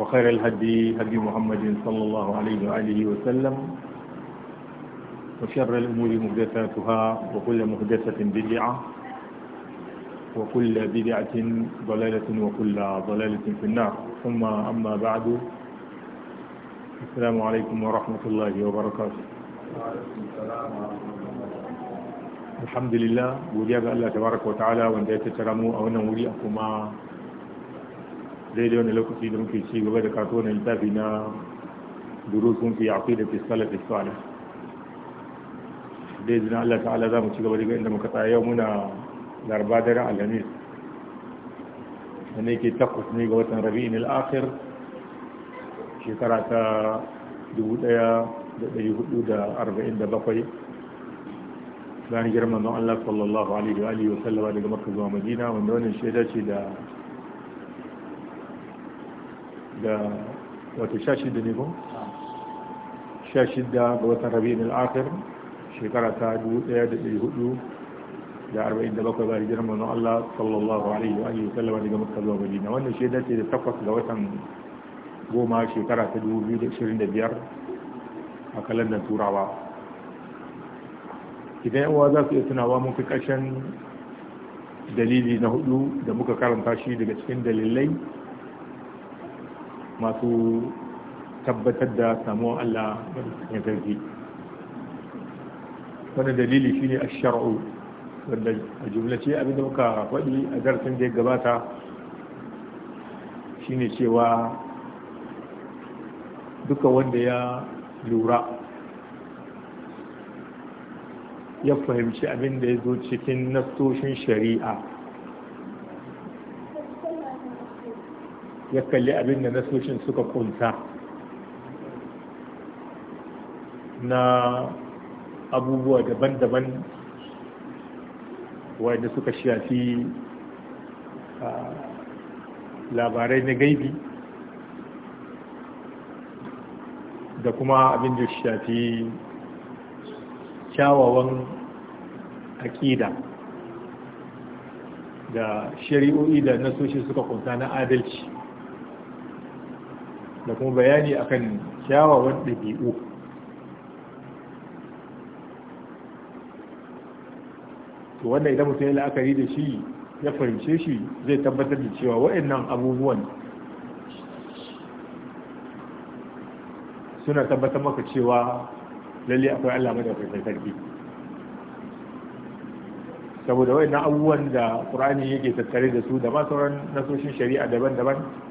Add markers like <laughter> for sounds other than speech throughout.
وخير الهدي هدي محمد صلى الله عليه وآله وسلم وشر الأمور مهدثاتها وكل مهدثة بدعة وكل بدعة ضلالة وكل ضلالة في النار ثم أما بعد السلام عليكم ورحمة الله وبركاته الحمد لله وجاب الله تبارك وتعالى وان da أو نولي أكما daidai wani lokaci da muke ci gaba da kato na littafi na duru sun fi yaƙi da fiskala fiskala da izinin Allah ta'ala za mu ci gaba daga inda muka tsaya yau muna larba dare alhamis wani yake takwas ne ga watan rabi in al'akhir shekara ta 1447 bayan girman don Allah sallallahu alaihi wa sallama daga makka zuwa madina wanda wannan shaida ce da da wato sha shida ne ba sha shida ga watan rabi'in al'akhir shekara ta dubu ɗaya da ɗari hudu da arba'in da bakwai bayan jiran na Allah sallallahu alaihi wa sallama daga Makka zuwa Madina wannan shi dace da takwas ga watan goma shekara ta dubu biyu da ishirin da biyar a kalandar turawa idan yawa za su iya tunawa mun fi ƙarshen dalili na hudu da muka karanta shi daga cikin dalilai masu tabbatar da samuwan Allah ya zarge wani dalili shi ne a shara'u wanda a jumlace abin da muka faɗi a darasin da ya gabata Shi ne cewa duka wanda ya lura ya fahimci abin da ya zo cikin nastoshin shari'a ya kalli abin da nasoshin suka kunsa na abubuwa daban-daban wanda suka shafi labarai na gaibi da kuma abin da shafi kyawawan akida da shari'o'i da nasoshi suka kunsa na adalci da kuma bayani akan kyawawan ɗabi'u to wannan idan mutum ya la'akari da shi ya fahimce shi zai tabbatar da cewa waɗannan abubuwan suna tabbatar maka cewa lalle akwai Allah madaukakin sarki saboda waɗannan abubuwan da Qur'ani yake tattare da su da ma sauran nasoshin shari'a daban-daban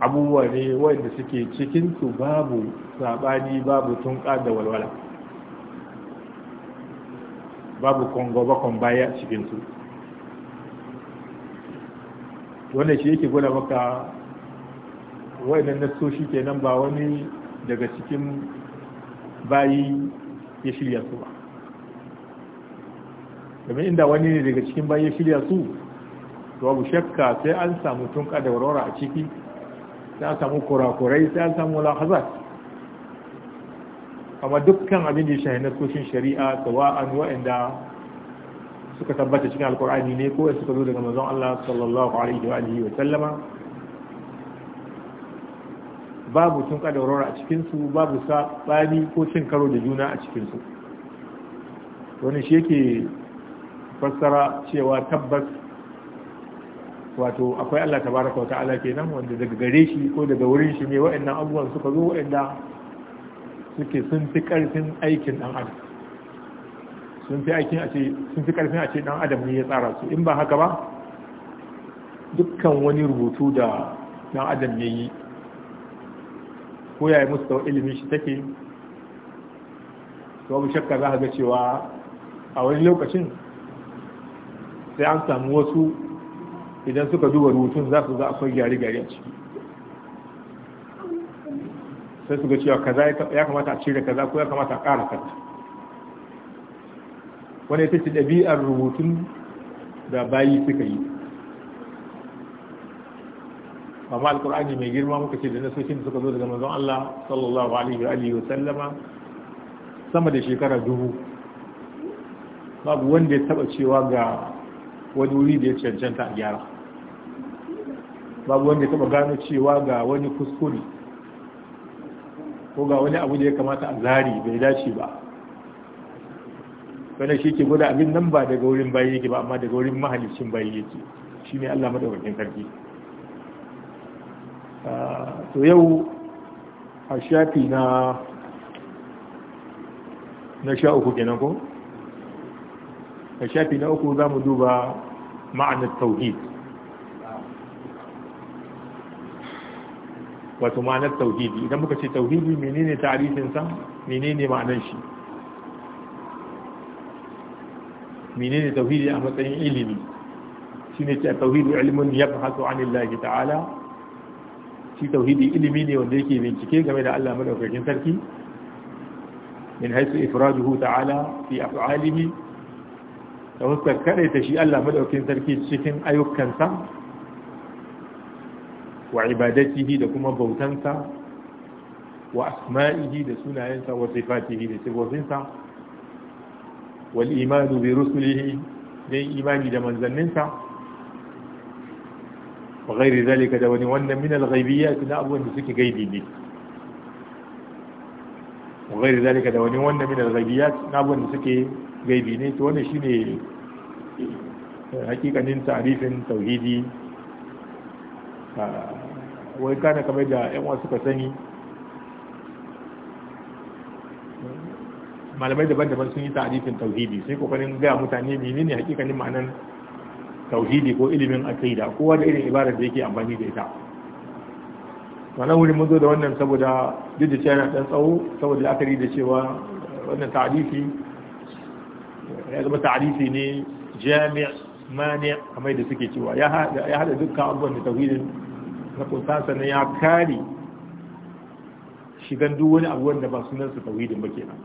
abubuwa ne wanda suke cikinsu babu sabani babu tunƙa da walwala babu kwangwabakon baya cikinsu wannan shi yake gwada maka waɗannan nasoshi kenan ba wani daga cikin bayi ya shirya su ba domin inda wani ne daga cikin bayi ya shirya su babu shakka sai an samu tunka da warwara a ciki sai an samu kurakurai sai an samu lahazat amma dukkan abin da ya shahi na kushin shari'a tsawa'an wa'anda suka tabbata cikin alkur'ani ne ko suka zo daga mazan Allah sallallahu alaihi wa sallama babu tun kadarora a cikinsu babu saɓani ko cin karo da juna a cikinsu wani shi yake fassara cewa tabbas wato akwai Allah tabaraka wata'ala kenan wanda daga gare shi ko daga wurin shi ne wa'annan abubuwan suka zo wa'anda suke sun fi karfin aikin dan adam sun fi aikin a ce sun fi karfin a ce dan adam ne ya tsara su in ba haka ba dukkan wani rubutu da dan adam ya yi ko ya yi musu da ilimin shi take babu shakka za ga cewa a wani lokacin sai an samu wasu idan suka duba rubutun za su ga akwai gyare-gyare a ciki sai su ga cewa kaza ya kamata a cire kaza ko ya kamata a ƙara kaza wani ita ce ɗabi'ar rubutun da bayi suka yi amma Alƙur'ani mai girma muka ce da nasoshin suka zo daga manzon Allah sallallahu alaihi wa alihi wa sallama sama da shekara dubu babu wanda ya taba cewa ga wani wuri da ya cancanta a gyara babu wanda ya taba gano cewa ga wani kuskure ko ga wani abu da ya kamata a zari bai dace ba wani shi ke gwada abin nan ba daga wurin bayi yake ba amma daga wurin mahalicin bayi yake shi ne allah maɗaukakin karfi ah, to yau a shafi na na sha uku kenan ko a shafi na uku za mu duba ma'anar tauhid wato ma'anar tauhidi idan muka ce tauhidi menene tarifinsa menene ma'anar shi menene tauhidi a matsayin ilimi shine ce tauhidi ilmin ya fahato an lillahi ta'ala shi tauhidi ilimi ne wanda yake bincike game da Allah madaukakin sarki min haisu ifraduhu ta'ala fi af'alihi da wasu kadaita shi Allah madaukin sarki cikin ayyukansa wa ibadatihi da kuma bautansa wa asma'ihi da sunayensa wa sifatihi da sifofinsa wal imanu bi rusulihi da imani da manzanninsa wa ghairi zalika da wani wannan min al ghaibiyyat da abubuwan da suke gaibi ne wa ghairi zalika da wani wannan min al ghaibiyyat na abubuwan da suke gaibi ne to wannan shine eh, hakikanin tarifin tauhidi ah, wai kana kamar da yan wasu suka sani malamai daban-daban sun yi tarifin tauhidi sai kokarin gaya mutane menene hakikanin ma'anan tauhidi ko ilimin aqida kowa da irin ibarar da yake amfani da ita wannan wurin mun zo da wannan saboda duk da cewa yana dan tsawo saboda la'akari da cewa wannan tarifi ya zama ta'arifi ne jami' mani kamar da suke cewa ya hada dukkan abubuwan da tauhidin na kunsa ne ya kare shigan duk wani abu wanda ba sunan su tauhidin ba kenan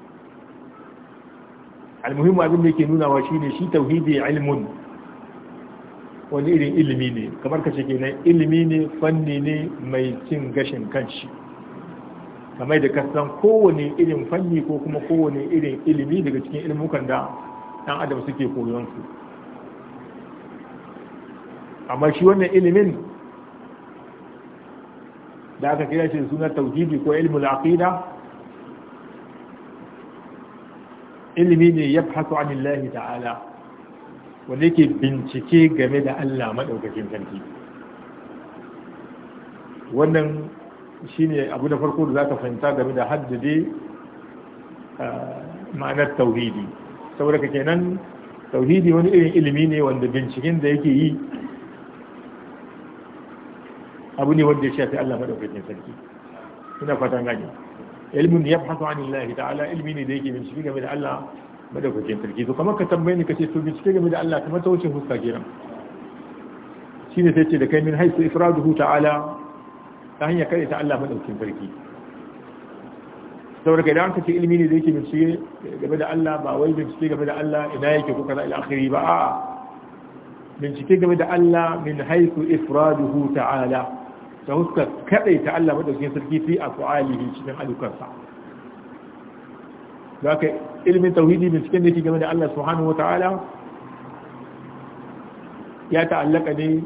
almuhimmu abin da yake nuna wa shi ne shi tawhidi ilmun wani irin ilimi ne kamar ka kace kenan ilimi ne fanni ne mai cin gashin kanshi kamar da kasan kowane irin fanni ko kuma kowane irin ilimi daga cikin ilmukan da ɗan adam suke koyon su amma shi wannan ilimin da aka kira shi suna tauhidi ko ilmul aqida ilimi ne ya fasu an ta'ala wanda yake bincike game da Allah maɗaukakin sarki wannan shine abu da farko da za ka fahimta game da haddade eh, ma'anar tauhidi saboda ka kenan tauhidi wani irin ilimi ne wanda binciken da yake yi abu ne wanda ya shafi Allah madaukakin sarki ina fatan gani ilmin ya fasu an Allah ta'ala ilmi ne da yake bincike game da Allah madaukakin sarki to kamar ka tambaye ni kace to bincike game da Allah kamar ta wuce huska kenan shine sai ce da kai min haisu ifraduhu ta'ala ta hanyar kai ta Allah madaukakin sarki saboda idan ka ce ilimi ne da yake bincike game da Allah ba wai bincike game da Allah ina yake ko kaza ila akhiri ba a'a bincike game da Allah min haythu ifraduhu ta'ala ta huska kadai ta Allah madaukakin sarki fi af'alihi cikin alukansa zaka ilmin tauhidi bincike da yake game da Allah subhanahu ta'ala, ya ta'allaka ne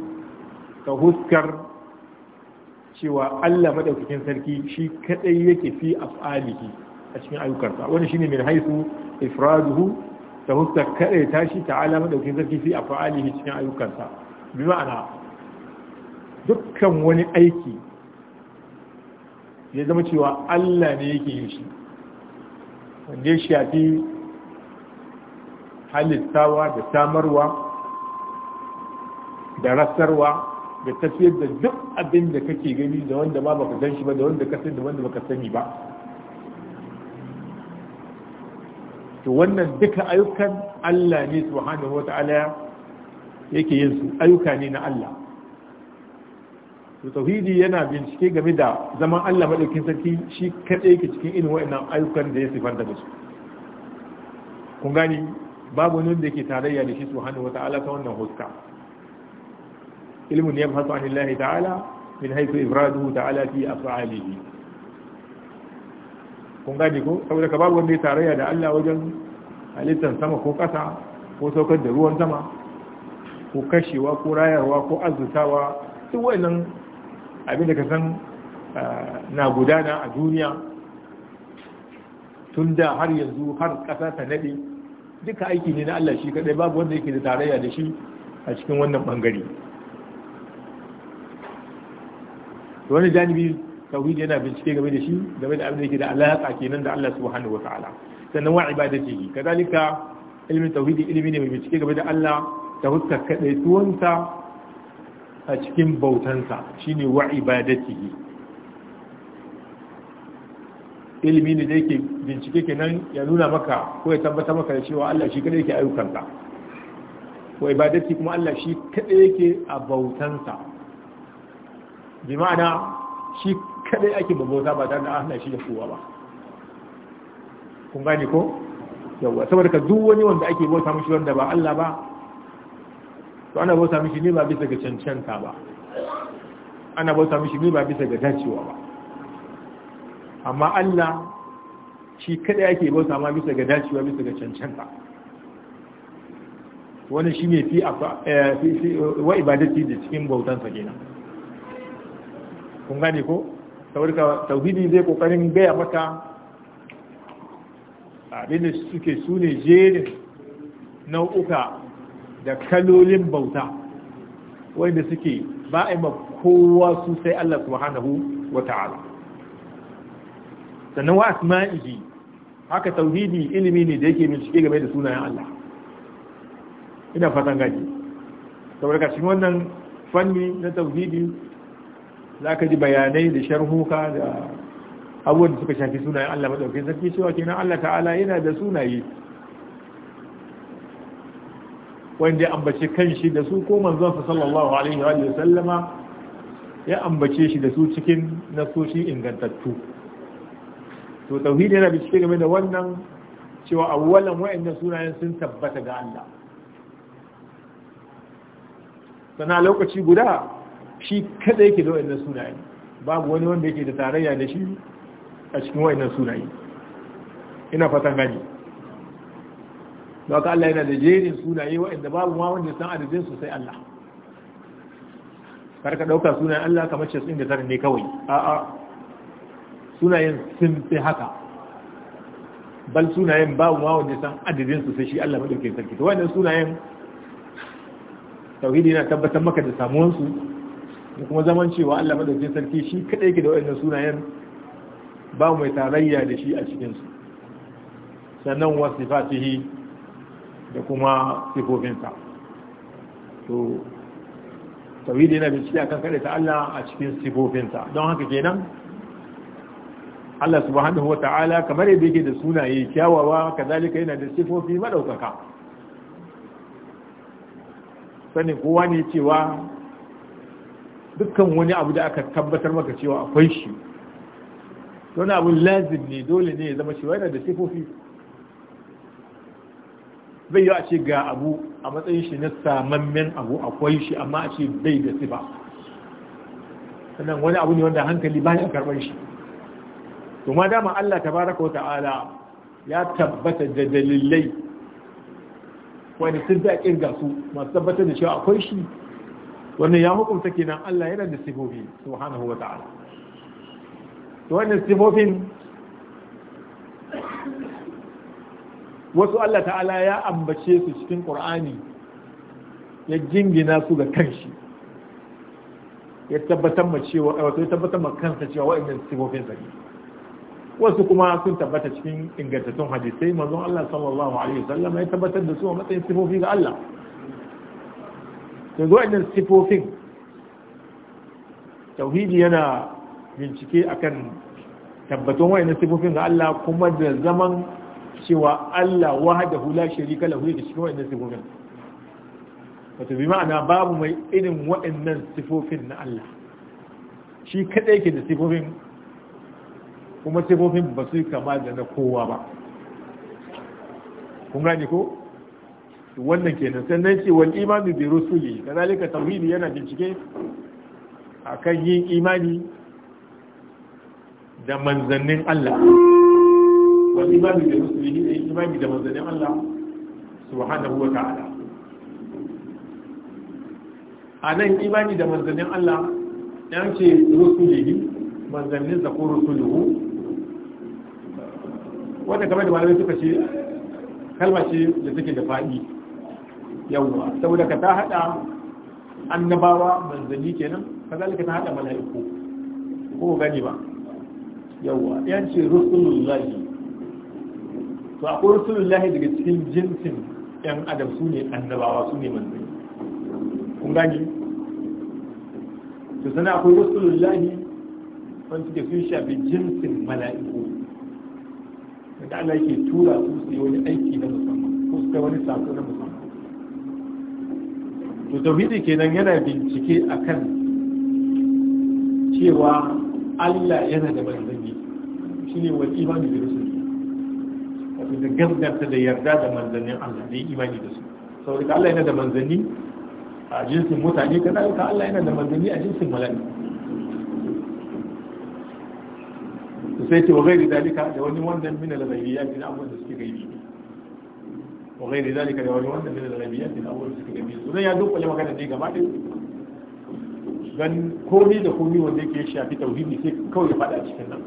ta huskar cewa Allah madaukakin sarki shi kadai yake fi af'alihi a cikin ayyukansa wani shine min haisu ifraduhu ta husta kadai tashi ta'ala madaukakin sarki fi af'alihi cikin ayyukansa bi ma'ana dukkan wani aiki ya zama cewa Allah ne yake yin shi wanda ya shafi halittawa da samarwa da rasarwa da tafiyar da duk abin da kake gani da wanda ba baka gan shi ba da wanda ka sani da wanda baka sani ba to wannan duka ayyukan Allah ne subhanahu wata'ala yake yin su ayyuka ne na Allah to tauhidi yana bincike game da zaman Allah madaukin sarki shi kadai yake cikin irin wa'annan ayyukan da ya sifar da su kun gani babu wani da yake tarayya da shi subhanahu wata'ala ta wannan huska ilmun a Allah ta'ala min haythu ifraduhu ta'ala fi af'alihi kun gane ko saboda ka babu wanda ya tarayya da Allah wajen halittar sama ko kasa ko saukar da ruwan sama ko kashewa ko rayarwa ko azutawa duk wannan abin da ka san ah, na gudana a duniya tun da har yanzu har ƙasa ta naɗe duka aiki ne na Allah shi kaɗai babu wanda yake da tarayya da shi a cikin wannan bangare to wani janibi tauhidi yana bincike game da shi game da abin da yake da alaka kenan da Allah subhanahu wa ta'ala sannan wa ibadatihi kadalika ilmin tauhidi ilmi ne mai bincike game da Allah ta huska tuwanta a cikin bautansa shine wa ibadatihi ilmi ne da yake bincike kenan ya nuna maka ko ya tabbata maka da cewa Allah shi kadai yake ayyukansa wa ibadati kuma Allah shi kadai yake a bautansa bi ma'ana shi kadai ake babauta ba tare da ahna shi da kowa ba kun gane ko yawa saboda ka duk wani wanda ake bauta mishi wanda ba Allah ba to ana bauta mishi ne ba bisa ga cancanta ba ana bauta mishi ne ba bisa ga dacewa ba amma Allah shi kadai ake bauta ma bisa ga dacewa bisa ga cancanta wani shi ne eh, fi wa ibadati da cikin bautansa kenan kun gani ko saurika tauhidi zai kokarin gaya maka abin da suke su ne jerin nau'uka da kalolin bauta wanda suke ba a ma kowa su sai Allah subhanahu wa ta'ala sannan wa asma'ihi haka tauhidi ilimi ne da yake bincike game da sunayen Allah ina fatan gaji saboda cikin wannan fanni na tauhidi za ka ji bayanai da sharhuka da abubuwan da suka shafi sunayen Allah maɗaukin sarki cewa kenan Allah ta'ala yana da sunaye wanda ya ambace kanshi da su ko manzonsa sallallahu alaihi wa sallama ya ambace shi da su cikin nasoshi ingantattu to tauhidi yana cike game da wannan cewa awwalan wa'annan sunayen sun tabbata ga Allah sana lokaci guda shi kada yake da wa'annan sunaye babu wani wanda yake da tarayya da shi a cikin wa'annan sunaye ina fatan gani Baka Allah yana da jerin sunaye wa'anda babu ma wanda san adadin su sai Allah karka dauka sunayen Allah kamar tare ne kawai a'a sunayen sun fi haka bal sunayen babu ma wanda san adadin su sai shi Allah madaukakin sarki to wannan sunayen tauhidi yana tabbatar maka da samuwansu da kuma zaman cewa Allah madaukakin sarki shi kadai ke da wannan sunayen ba mai tarayya da shi a cikin su sannan wa sifatihi da kuma sifofinsa to tauhidi yana akan kadai ta Allah a cikin sifofinsa don haka kenan Allah subhanahu wata'ala kamar yadda yake da sunaye kyawawa kazalika yana da sifofi madaukaka sani kowa ne cewa dukkan wani abu da aka tabbatar maka cewa akwai shi wani abu lazim ne dole ne ya zama cewa yana da sifofi bai yi a ce ga abu a matsayin shi na samammen abu akwai shi amma a ce bai da sifa sannan wani abu ne wanda hankali baya karɓar shi to ma dama Allah baraka wa ta'ala ya tabbata da dalilai wani sun da ƙirga su masu tabbatar da cewa akwai shi wannan ya hukunta kenan Allah yana da sifofi subhanahu wa ta'ala to wannan sifofin wasu Allah ta'ala ya ambace su cikin Qur'ani ya jingina su ga kanshi ya tabbatar ma cewa wato ya tabbatar ma kansa cewa wa'annan sifofin sa wasu kuma sun tabbata cikin ingantattun hadisai manzon Allah sallallahu alaihi wasallam ya tabbatar da su a matsayin sifofi ga Allah yanzu waɗannan sifofin tauhidi yana bincike akan tabbatun waɗannan sifofin ga Allah kuma da zaman cewa Allah wahdahu la sharika lahu da cikin waɗannan sifofin wato bi ma'ana babu mai irin waɗannan sifofin na Allah shi kada ke da sifofin kuma sifofin ba su kama da na kowa ba kun gane ko wannan kenan sannan ce wal imanu bi rusuli kazalika tauhidi yana bincike akan yin imani da manzannin Allah wal imani bi rusuli ne imani da manzannin Allah subhanahu wa ta'ala anan imani da manzannin Allah yan ce rusulihi manzannin sa ko rusuluhu wanda kamar da malamai suka ce kalma ce da take da fa'i yawwa saboda ka ta hada annabawa manzanni kenan kazalika ta hada mala'iku ko gani ba yawwa yan ce rusulullahi to akwai rusulullahi daga cikin jinsin yan adam su ne annabawa su ne manzanni kun gani to sana akwai rusulullahi wanda ke sun shafi jinsin mala'iku da Allah yake tura su su yi wani aiki na musamman ko su kai wani sako na musamman to tauhidi kenan yana bincike akan cewa Allah yana da manzanni shine wal imani da rusul wato da gaskata da yarda da manzannin Allah da imani da su saboda Allah yana da manzanni a jinsin mutane kada ka Allah yana da manzanni a jinsin mala'ika sai ce wa gairi dalika da wani wannan min al-ghayriyat din abubuwan da suke gaibi wa ghairi zalika da wani wanda min al-ghaibiyat min awwal suka gabi to zan ya dukkule magana dai gaba ɗaya dan komai da komai wanda yake shafi tauhidi sai kawai faɗa a cikin nan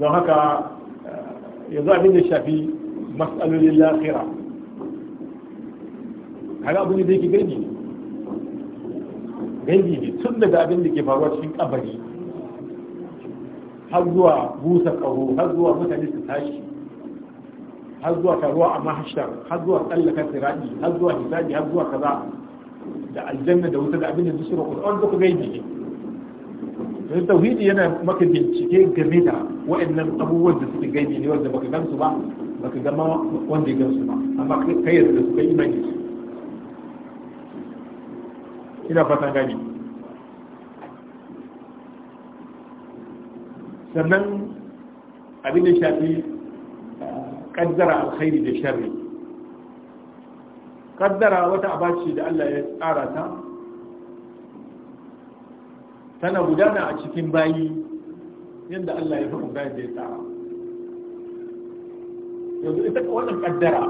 don haka yanzu abin da shafi mas'alolin lafira kaga abin da yake gaibi ne gaibi ne tun daga abin da ke faruwa cikin kabari har zuwa busa kaho har zuwa mutane su tashi هل جوا كروا أما هشتر هل جوا قل كثرادي هل جوا هزادي هل جوا كذا دا الجنة دا وتدا أبين الدسر القرآن دوك غيبي التوحيد ينا مك بنشكي جميلة وإن أبوه دسر غيبي نور دبك جمس ما بك جما وندي جمس ما أما كير دسر غيبي ما يجي إلى فتن غيبي أبين الشافي kaddara alkhairi da sharri kaddara wata abaci da Allah ya tsara ta tana gudana a cikin bayi yadda Allah ya faɗa bayan da ya tsara yanzu ita wannan kaddara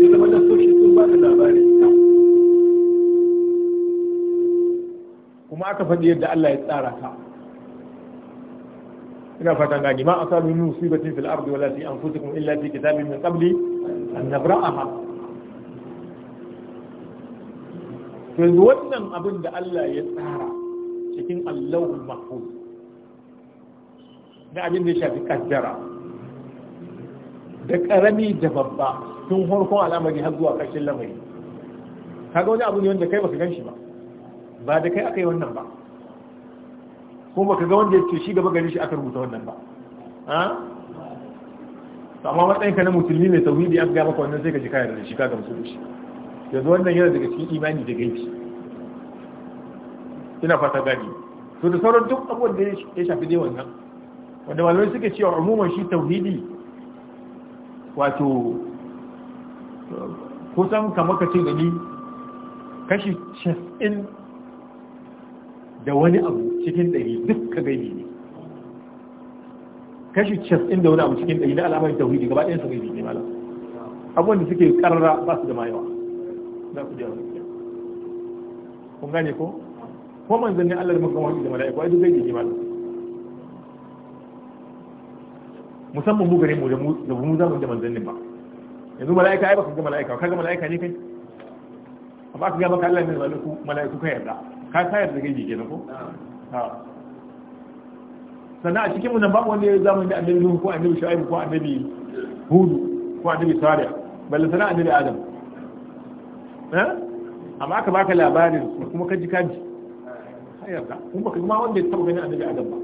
ita wanda soshi sun ba da labarin ta kuma aka faɗi yadda Allah ya tsara ta ina fatan gani ma asalu min musibatin fil ardi wala fi anfusikum illa fi kitabin min qabli an nabra'aha to wannan abin da Allah ya tsara cikin Allahul Mahfuz da abin da ya shafi kaddara da karami da babba tun farkon al'amari har zuwa ƙarshen lamari kaga wani abu ne wanda kai baka gan shi ba ba da kai aka yi wannan ba kuma baka ga wanda ya ce shi gaba gari shi aka rubuta wannan ba To amma matsayin ka na musulmi mai tauhidi an ga maka wannan sai ka ji kayar da shi ka gamsu da shi yanzu wannan yana daga cikin imani da gaibi ina fata gani to da sauran duk abubuwan da ya shafi dai wannan wanda malamai suke cewa umuman shi tauhidi wato kusan kamar ka ce gani kashi da wani abu cikin ɗari duk ka gaibi ne kashi cas da wani abu cikin ɗari na alamar tauhidi gaba ɗaya su gaibi ne malam abubuwan da suke karara ba su da mayawa za ku jawo kun gane ko ko manzannin Allah da muka wani da mala'iku ai duk gaibi ne malam musamman mu gare mu da mu da mu zamu da manzannin ba yanzu mala'ika ai baka ga mala'ika kaga mala'ika ne kai amma ka ga maka Allah ne mala'iku mala'iku kai da ka tayar da gani kenan ko sannan a cikin mu nan babu wanda ya zama da annabi Nuhu ko annabi Shu'aib ko annabi Hudu ko annabi Salih balle sana annabi Adam eh? amma aka baka labarin kuma ka ji ka ji hayarka kuma baka ma wanda ya taba ganin annabi Adam ba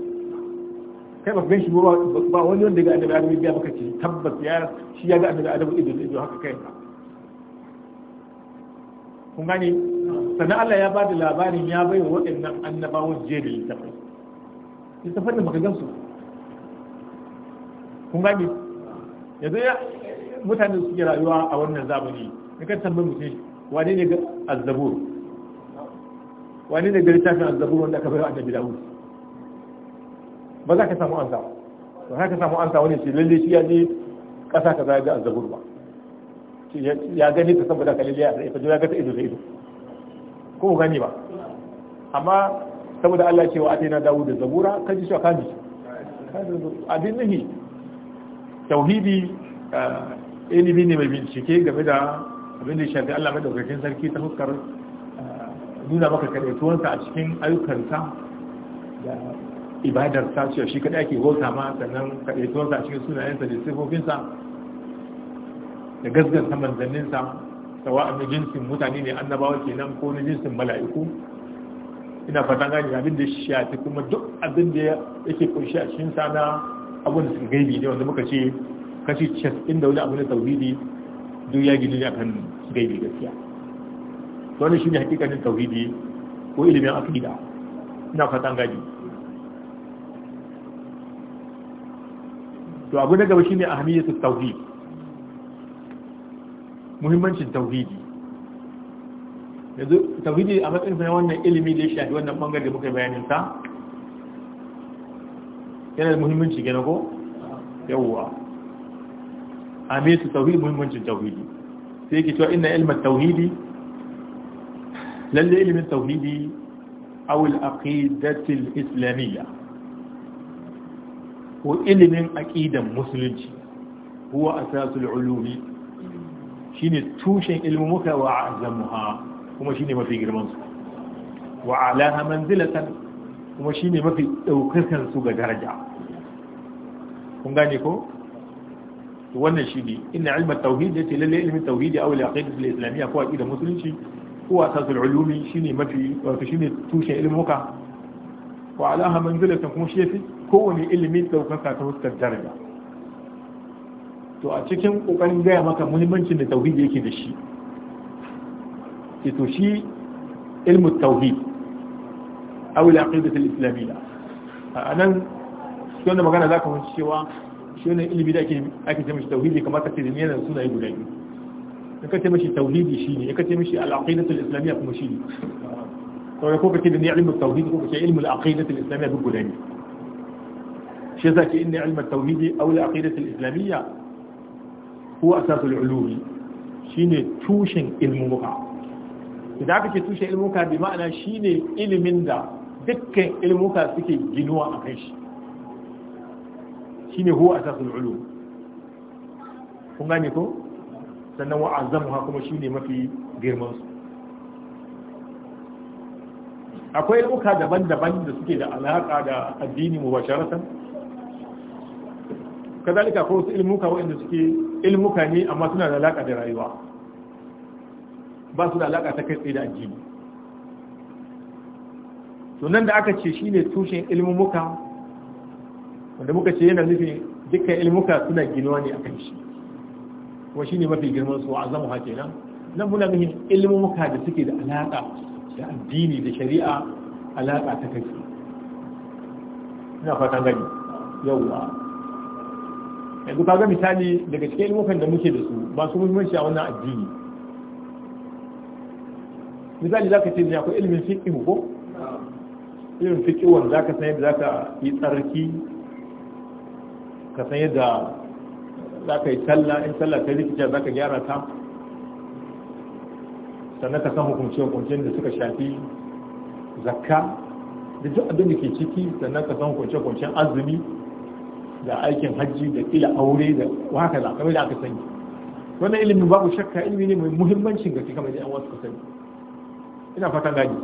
kai baka gan shi ba ba wani wanda ga annabi Adam ya baka ce tabbas ya shi ya ga annabi Adam ido ido haka kai kun gane sannan Allah ya ba da labarin ya bai wa waɗannan annabawan jiya da littafai littafai da maka gamsu kun gani yanzu ya mutane suke rayuwa a wannan zamani na kan tambayi mutum wane ne ga azzabur wane ne ga littafin azzabur wanda aka bai wa annabi dawud ba za ka samu an za ba za ka samu an za wani ce lalle shi ya je ƙasa ka za ga azzabur ba ya gani ta saboda kaliliya da ita ya ga ta ido da ido ko gani ba amma saboda Allah ce wa atina dawo da zabura kan ji cewa kanji abin nahi tauhidi eh, ilimi ne mai bincike game da abin da shafi Allah madaukakin sarki ta hukkar eh, nuna maka karatuwarsa a cikin ayyukansa da ta cewa shi kadai ake bauta ma sannan karatuwarsa a cikin sunayensa da sifofinsa da gasganta manzanninsa sawa na jinsin mutane ne annabawa kenan ko na jinsin mala'iku ina fatan gani abin da shafi kuma duk abin da yake kunshi a cikin sana abin da suka gaibi ne wanda muka ce kashi 90 da wani abu na tauhidi duk ya gidi ne akan gaibi gaskiya shi ne hakikanin tauhidi ko ilimin aqida ina fatan gani to abu na gaba shine ahmiyatu tauhid muhimmancin tauhidi yanzu tauhidi a matsayin na wannan ilimi da ya shafi wannan bangar da muka bayanin sa yana da muhimmanci gane ko yawwa a me su tauhidi muhimmancin tauhidi sai yake cewa ina ilmin tauhidi lalle ilimin tauhidi aw al-aqidati al-islamiyya ko ilimin aqidan musulunci huwa asasul ulumi shine tushen ilmumuka wa azamuha kuma shine mafi girman su wa alaha manzilatan kuma shine mafi daukakan su ga daraja kun gane ko to wannan shine inna ilma tauhid yace lalle ilmin tauhid aw al-aqida al-islamiyya ko aqida musulunci ko asasul ulumi shine mafi wato shine tushen ilmuka wa alaha manzilatan kuma shi fi kowane ilimin daukaka ta fuskar daraja to a cikin kokarin gaya maka muhimmancin da tauhidi yake da shi ke to shi ilmu tauhid aw al-aqidah al-islamiyya shi sunan magana zaka mun cewa shi ne ilimi da ake ake ce mishi tauhidi kamar ka ce da yana suna yi guda biyu in ka ce mishi tauhidi shine in ka ce mishi al-aqidah al-islamiyya kuma shine to ko ka ce da ni ilmu tauhid ko ka ce ilmu al-aqidah al-islamiyya duk guda biyu shi yasa ke inna ilmu tauhidi aw al-aqidah al-islamiyya huwa asasul ulumi shine tushen ilmuka idan aka ce tushen ilmuka bi ma'ana shine ilimin da dukkan ilmuka suke ginuwa a kai shi shine huwa asasul ulum kun gane ko sannan wa'azzamuha kuma shine mafi girman su akwai ilmuka daban-daban da suke da alaka da addini mubasharatan kazalika ko su ilmuka waɗanda suke ilmuka ne amma suna da alaƙa da rayuwa ba su da alaƙa ta kai tsaye da addini to nan da aka ce shine tushen ilmumuka wanda muka ce yana nufin dukkan ilmuka suna ginuwa ne akan shi kuma shine mafi girman su azamu ha kenan nan muna nufin ilmumuka da suke da alaƙa da addini da shari'a alaƙa ta kai ina fatan gani yawwa yanzu ga misali daga cikin ilmukan da muke da su ba su muhimmanci a wannan addini misali ka ce ne akwai ilmin fiƙi ko ilmin za wanda zaka san yadda ka yi tsarki ka san yadda ka yi talla in talla ta rikice ka gyara ta sannan ka san hukunce hukunci da suka shafi zakka da duk abin da ke ciki sannan ka san hukunce hukunci azumi da aikin hajji da ila aure da haka za kamar da aka sani wannan ilimin babu shakka ilimi ne mai muhimmancin gaske kamar da an wasu sani ina fatan gani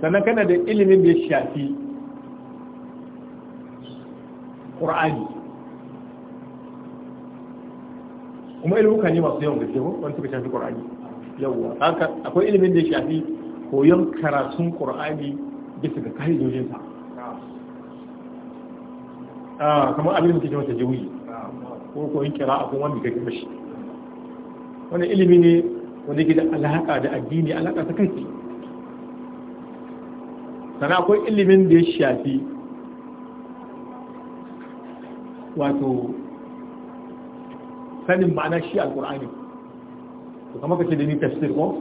sannan kana da ilimin da ya shafi ƙur'ani kuma ilimuka ne masu yawan gaske wani suka shafi ƙur'ani yawwa akwai ilimin da ya shafi koyon karatun ƙur'ani bisa ga ka'idojinsa Ah, kamar abin da muke mata jawi ko ko in kira akwai wanda kake mashi Wani ilimi ne wanda yake da alhaka da addini alhaka ta kai sana akwai ilimin da ya shafi wato sanin ma'ana shi alkur'ani to kamar kace da ni tafsir ko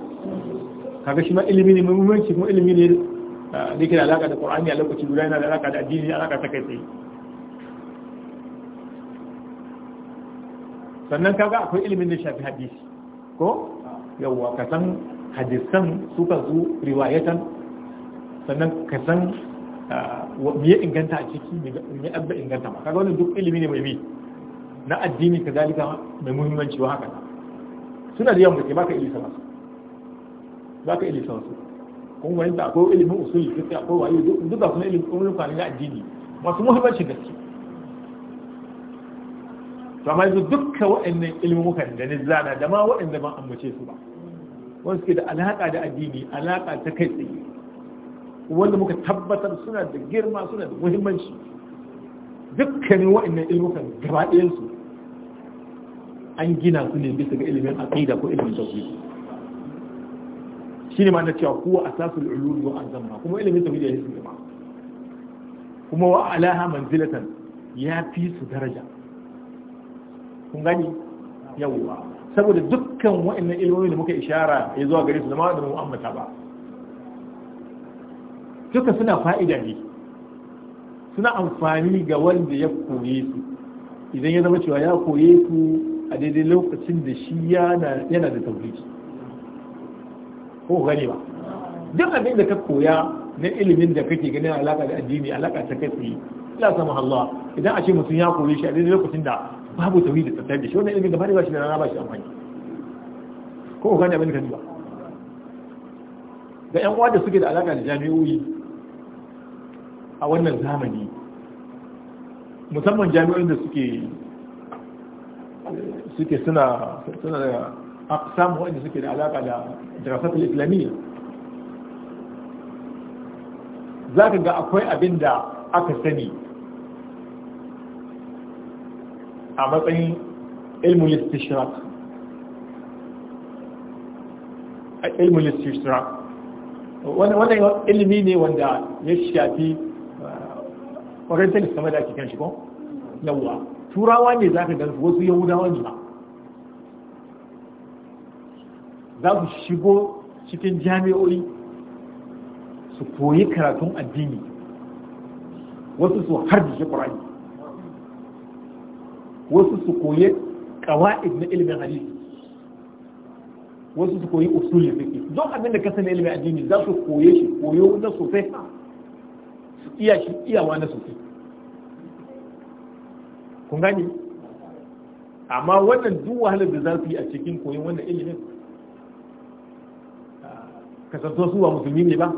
kaga shi ma ilimi ne mai muhimmanci kuma ilimi ne ah, da yake da alaka da qur'ani a lokaci guda yana da alaka da addini alaka ta kai tsaye sannan kaga akwai ilimin da shafi hadisi ko yawwa ka san hadisan su kan su riwayatan sannan ka san me ya inganta a ciki me abba inganta ba kaga wannan duk ilimi ne mai bi na addini ka zalika mai muhimmanci wa haka suna da yawan mutum baka ilisa masu baka ilisa masu kuma wani da akwai ilimin usul fiqh akwai wayo duk da suna ilimin ulumka ne addini masu muhimmancin gaske to amma yanzu dukkan waɗannan ilmukan da ni zana da ma waɗanda ban ambace su ba wanda suke da alaƙa da addini alaƙa ta kai tsaye wanda muka tabbatar suna da girma suna da muhimmanci dukkanin waɗannan ilmukan gaba ɗayansu an gina su ne bisa ga ilimin aqida ko ilimin tauhid shine ma na cewa kuwa asasul ulum wa azamma kuma ilimin tauhid ya yi su ba? kuma wa alaha manzilatan ya fi su daraja kun gani yawwa saboda dukkan wa'annan ilmomi da muka ishara ya zuwa gare su zama da mu ambata ba duka suna fa'ida ne suna amfani ga wanda ya koye su idan ya zama cewa ya koye su a daidai lokacin da shi yana da tauhidi ko gani ba duk abin da ka koya na ilimin da kake ganin alaka da addini alaka ta kai tsaye ila sama Allah idan a ce mutum ya koye shi a daidai lokacin da babu tauhidi tattalin da shi wannan ilimin gaba da ba shi na, ba shi amfani ko ku gane abin da ba ga yan uwa da suke da alaka da jami'o'i a wannan zamani musamman jami'o'in da suke suke suna suna da aqsam wanda suke da alaka da dirasatul islamiyya ka ga akwai abin da aka sani a matsayin ilmu istishrak ilmul istishrak wannan ilimi ne wanda ya shafi uh, oriental kamar da ake kan shi ko yawwa turawa ne za ka gansu wasu yahudawa ne ba za su shigo cikin jami'o'i su koyi karatun addini wasu su harbi shi ƙurani wasu su koye qawaid na ilimin hadisi wasu su koyi su ke, don abin da ka sani ilimin addini za su koye shi koyo na sosai su iya shi iyawa na sosai kun gani amma wannan duk wahalar da za su yi a cikin koyon wannan ilimin ah, kasantuwa su ba musulmi ne ba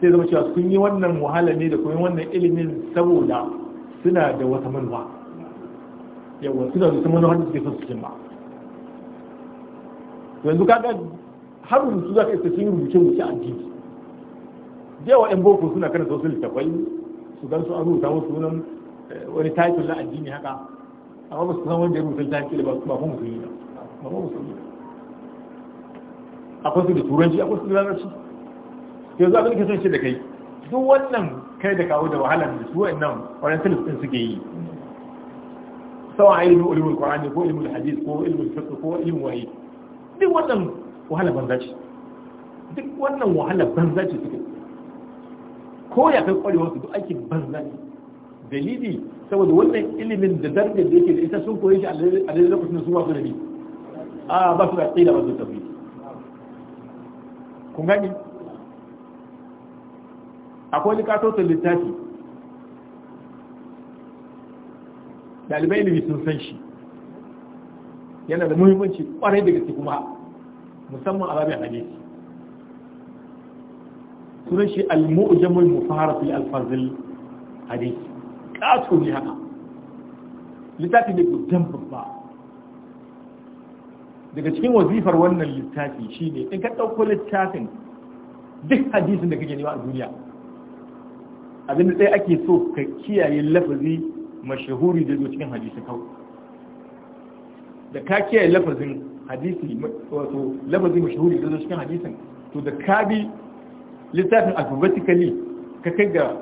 sai zama cewa sun yi wannan wahala ne da koyon wannan ilimin saboda suna da wata manuwa yawon suna da sun wani wanda suke son su cimma yanzu kaga har rubutu za ka isa sun rubuce rubuce addini yawa yan boko suna karanta wasu littafai su gan su an rubuta wasu sunan eh, wani title na addini haka amma ba su san wanda ya rubuta da ba ba kuma musulmi ba ba musulmi akwai su da turanci akwai su da larabci yanzu abin da ke son shi da kai duk wannan kai da kawo da wahala da su wa'annan orientalist din suke yi sawa a ilimin ulumul qur'ani ko ilimin hadis ko ilimin fiqh ko ilimin waye duk wannan wahala banza ce duk wannan wahala banza ce suke ko ya kai kwarewa su duk ake banza ne dalili saboda wannan ilimin da darajar da yake da ita sun koyi shi a daidai lokacin da su ba su da ni a ba su da tsila ba su da tafi kun gani akwai likatotar littafi Dalibai ilimi sun san shi yana da muhimmanci kwarai da gaske kuma musamman a rabin hadisi sunan shi al-mu'jamul mufahara fi al fazl hadisi kaso ne haka litafi ne gudan babba daga cikin wazifar wannan littafi shine in ka ɗauko littafin duk hadisin da kake nema a duniya abin da sai ake so ka kiyaye lafazi mashahuri da cikin hadisi kawai da ka kiyaye lafazin hadisi wato lafazin mashahuri da cikin hadisin to da ka bi littafin alphabetically ka kai ga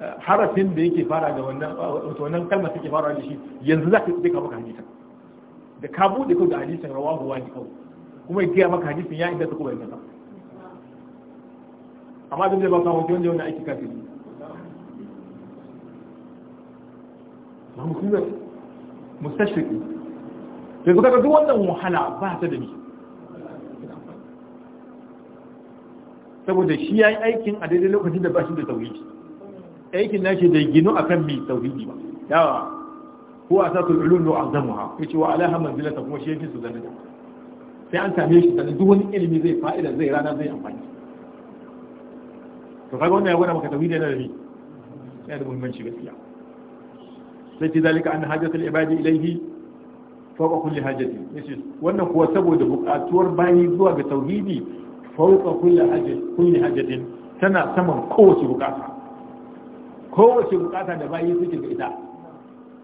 eh, harafin da yake fara da wannan wato wannan kalmar take fara da shi yanzu za ka yi ka maka hadisin da ka bude ko da hadisin rawahu wani kawai kuma ya kiyaye maka hadisin ya inda ta kuma yanzu amma da zai ba ka wani wanda wani aiki kafin. ba musulmi ba mustashriqi duk wannan wahala ba ta da ni saboda shi ya yi aikin a daidai lokacin da ba shi da tauhidi aikin na shi da gino a kan mai tauhidi ba yawa ko a sasu ilun a azamu ha ya ce wa alaha ta kuma shi su zanen da sai an same shi sannan duk wani ilimi zai fa'ida zai rana zai amfani to kaga wannan ya gwada maka tauhidi yana da ni yana da muhimmanci gaskiya sai ce zalika an hajjatul ibadi ilaihi fawqa kulli hajjati yace wannan kuwa saboda bukatuwar bayi zuwa ga tauhidi fawqa kulli hajjati hajjatin tana saman kowace bukata kowace bukata da bayi suke da ita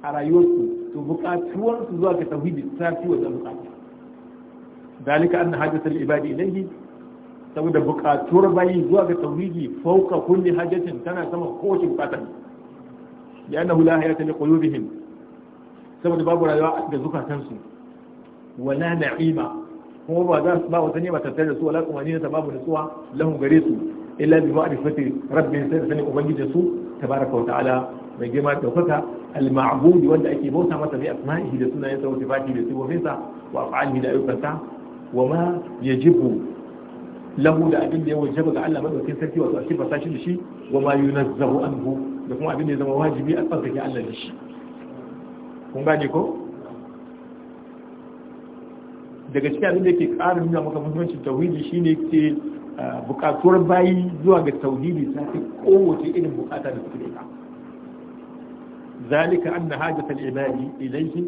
a rayuwarsu to bukatuwar su zuwa ga tauhidi ta fi wannan bukata zalika an hajjatul ibadi ilaihi saboda bukatuwar bayi zuwa ga tauhidi fawqa kulli hajjatin tana saman kowace bukata ne لأنه لا حياة لقلوبهم saboda babu rayuwa da zukatansu wala na'ima kuma ba za su ba wata nema tattare da su wala kuma ne ta babu nutsuwa lahum gare su illa bi ma'rifati rabbin sai sanin ubangijin su tabaraka wa ta'ala mai girma da kuka al-ma'budi wanda ake bauta masa bi asma'ihi da sunayen sa wa sifati da sifofinsa wa a da ayyukansa wa ma yajibu lahu da abin da ya wajaba ga Allah madaukakin sarki wato a shi da shi wa ma da kuma abin da ya zama wajibi a tsarkake Allah da shi kun gane ko daga cikin abin da yake ƙara nuna maka muhimmancin tauhidi shine ke bukatuwar bayi zuwa ga tauhidi ta fi kowace irin bukata da suke da zalika anna hajatal ibadi ilayhi